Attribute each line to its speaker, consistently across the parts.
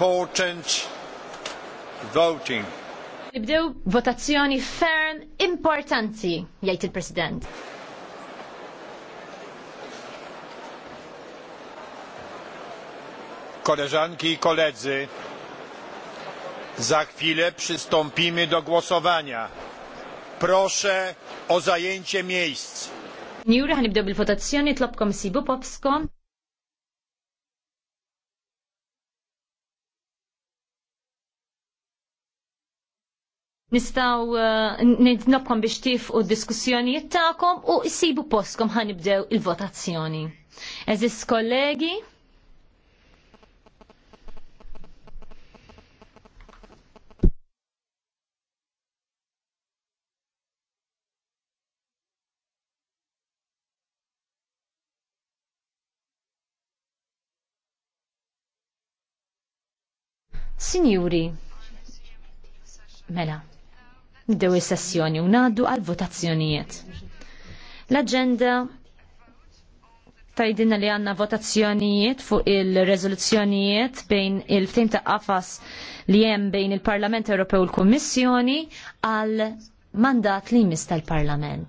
Speaker 1: important voting. Nibdew votazzjoni ferm importanti, jgħid il-President. Koleżanki i koledzy, za chwilę przystąpimy do głosowania. Proszę o zajęcie miejsc. Njura ħanibdew bil-votazzjoni tlobkom sibu popskom. nistaw uh, nidnobkom biex tifqu diskussjonijiet ta'kom u jisibu postkom ħanibdew il-votazzjoni. Eżis kollegi, Signori, mela. Ndew is-sessjoni u ngħaddu għal votazzjonijiet. L-aġenda tajdinna li għanna votazzjonijiet fuq il-rezoluzzjonijiet bejn il ftim ta' qafas li hemm bejn il-Parlament Ewropew u l-Kummissjoni għal mandat li jmiss tal-Parlament.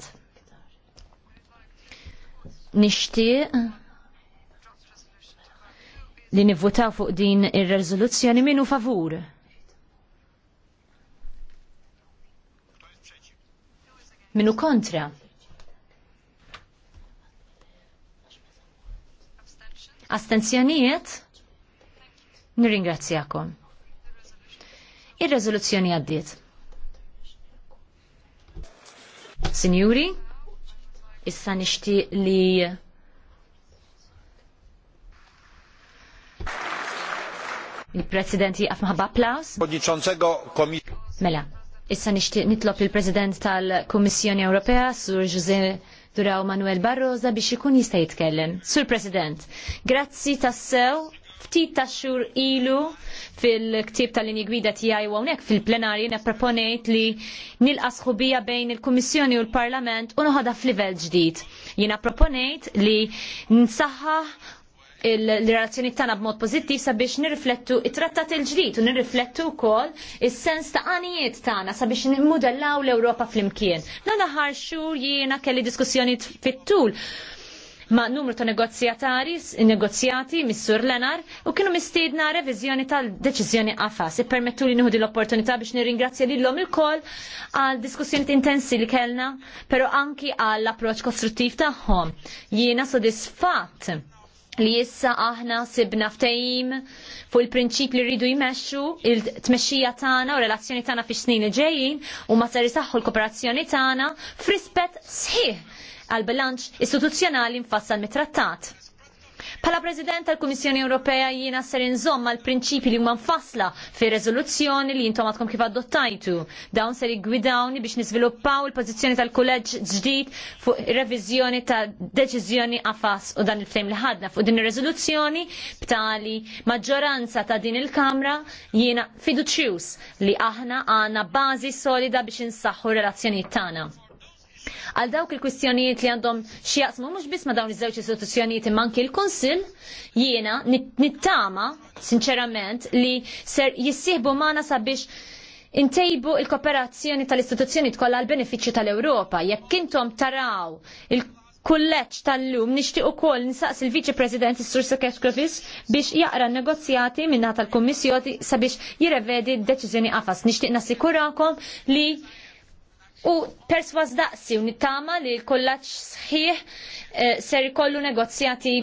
Speaker 1: Nixtieq li nivvotaw fuq din ir-rezoluzzjoni minu favur. Minu kontra? Astenzjonijiet? Nirringrazzjakom. Ir-rezoluzzjoni għaddiet. Sinjuri, issa nixtieq li il-President jaqaf maħba applaus. Mela, Issa nixtieq nitlob il-President tal-Kummissjoni Ewropea, Sur José Duraw Manuel Barroza biex ikun jista' jitkellem. Sur President, grazzi tassew ftit ta' xhur ilu fil-ktib tal-linji gwida tiegħi u hawnhekk fil-plenarji napproponejt li nilqas sħubija bejn il-Kummissjoni u l-Parlament u noħodha f'livell ġdid. Jiena proponejt li nsaħħaħ il-relazzjoni tagħna b'mod pożittiv sabiex nirriflettu it-trattat il-ġdid u nirriflettu wkoll is-sens ta' għanijiet tagħna sabiex nimmudellaw l-Ewropa flimkien. imkien aħħar xhur jiena kelli diskussjoni fit-tul ma' numru ta' negozjatari, negozjati, missur Lenar, u kienu mistiedna reviżjoni tal-deċizjoni għafas. Permettu li nħudi l-opportunità biex nirringrazzja li l-lom il-kol għal diskussjoni intensi li kellna, pero anki għall approċ kostruttiv tagħhom. Jiena sodisfatt li jissa aħna sibna ftehim fuq il-prinċip li rridu jmexxu il-tmexxija tagħna u relazzjoni tagħna fix-snin ġejjin u ma ser isaħħu l-kooperazzjoni tagħna frispett sħiħ għal bilanċ istituzzjonali mfassal mit-trattat. Pala President tal-Kummissjoni Ewropea jiena ser inżomm mal prinċipi li huma nfassla fir reżoluzzjoni li jintom għadkom kif adottajtu. Dawn ser jiggwidawni biex niżviluppaw il-pożizzjoni tal kolleġ ġdid fuq reviżjoni ta' deċiżjoni għafas u dan il fejm li ħadna fuq din ir-reżoluzzjoni b'tali maġġoranza ta' din il-Kamra jiena fiduċjus li aħna għandna bażi solida biex insaħħu relazzjonijiet tagħna għal dawk il-kwistjonijiet li għandhom xjaqsmu mhux biss ma' dawn iż-żewġ istituzzjonijiet imma anki l-Kunsill jiena nittama sinċerament li ser jissieħbu mana sabiex intejbu il-kooperazzjoni tal-istituzzjoni tkollha għal benefiċċju tal-Ewropa. Jekk intom taraw il kulleċ tal-lum nixtieq ukoll nisaqs il-Viċi President is-Sur Sekeskrovis biex jaqra negozjati minna tal-Kummissjoni sabiex jirrevedi d-deċiżjoni għafas. Nixtieq nasikurakom li U perswas daqsi u nittama li l-kollaċ sħiħ eh, ser ikollu negozjati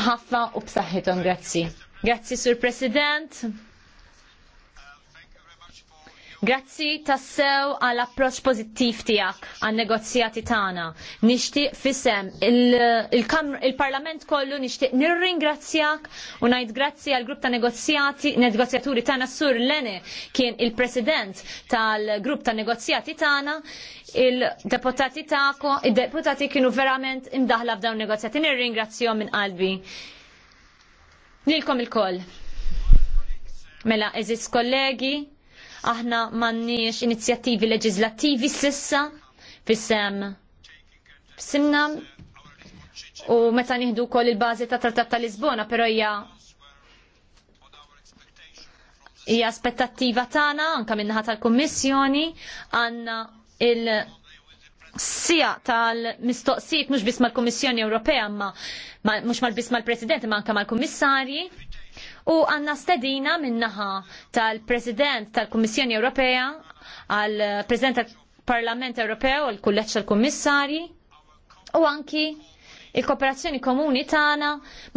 Speaker 1: mħaffa u b'saħħithom. Grazzi. Grazzi, Sur President. Grazzi tassew għall approċ pozittiv tijak għal negozjati tagħna. Nixtieq fisem il-Parlament kollu nixtieq nirringrazzjak u ngħid grazzi għal grupp ta' negozjati negozjaturi tagħna Sur Lene kien il-President tal-grupp ta' negozjati tagħna il-deputati tagħkom, il-deputati kienu verament imdaħla f'dawn negozjati. Nirringrazzjom minn qalbi. Nilkom il-koll. Mela, eżis kollegi, aħna m'għandniex inizjattivi leġislattivi sissa fissem simna u meta nieħdu wkoll il-bażi ta' Trattat ta' Lisbona, però hija hija aspettattiva tagħna anke minnaħa tal-Kummissjoni għandna il sija tal-mistoqsijiet mhux biss mal-Kummissjoni Ewropea ma mhux mal biss mal-President ma anke mal-Kummissarji u għanna stedina minnaħa tal-President tal-Kummissjoni Ewropea, għal-President tal-Parlament Ewropew, għal-Kulleċ tal-Kummissari u anki il-kooperazzjoni komuni tagħna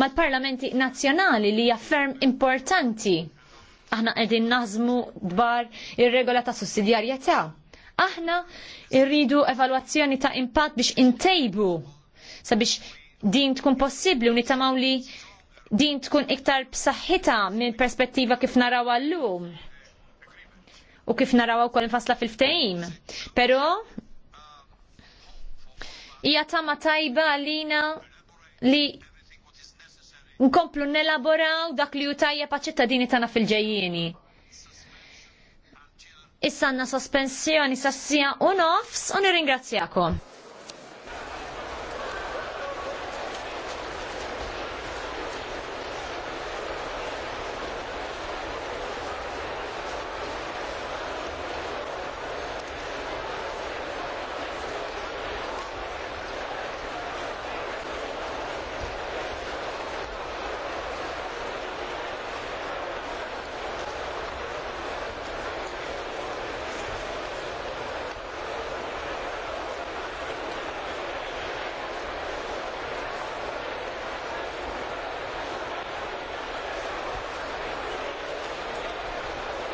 Speaker 1: mal-parlamenti nazzjonali li jafferm importanti. Aħna qegħdin nażmu dwar ir-regola ta' sussidjarjetà. Aħna rridu evalwazzjoni ta' impatt biex intejbu sabiex din tkun possibbli u li din tkun iktar b'saħħitha minn perspettiva kif naraw għallum u kif naraw ukoll infasla fil-ftehim. Però hija tama tajba għalina li nkomplu nelaboraw dak li jutajja ċittadini tagħna fil-ġejjieni. Issa għandna sospensjoni sassija u nofs u nirringrazzjakom.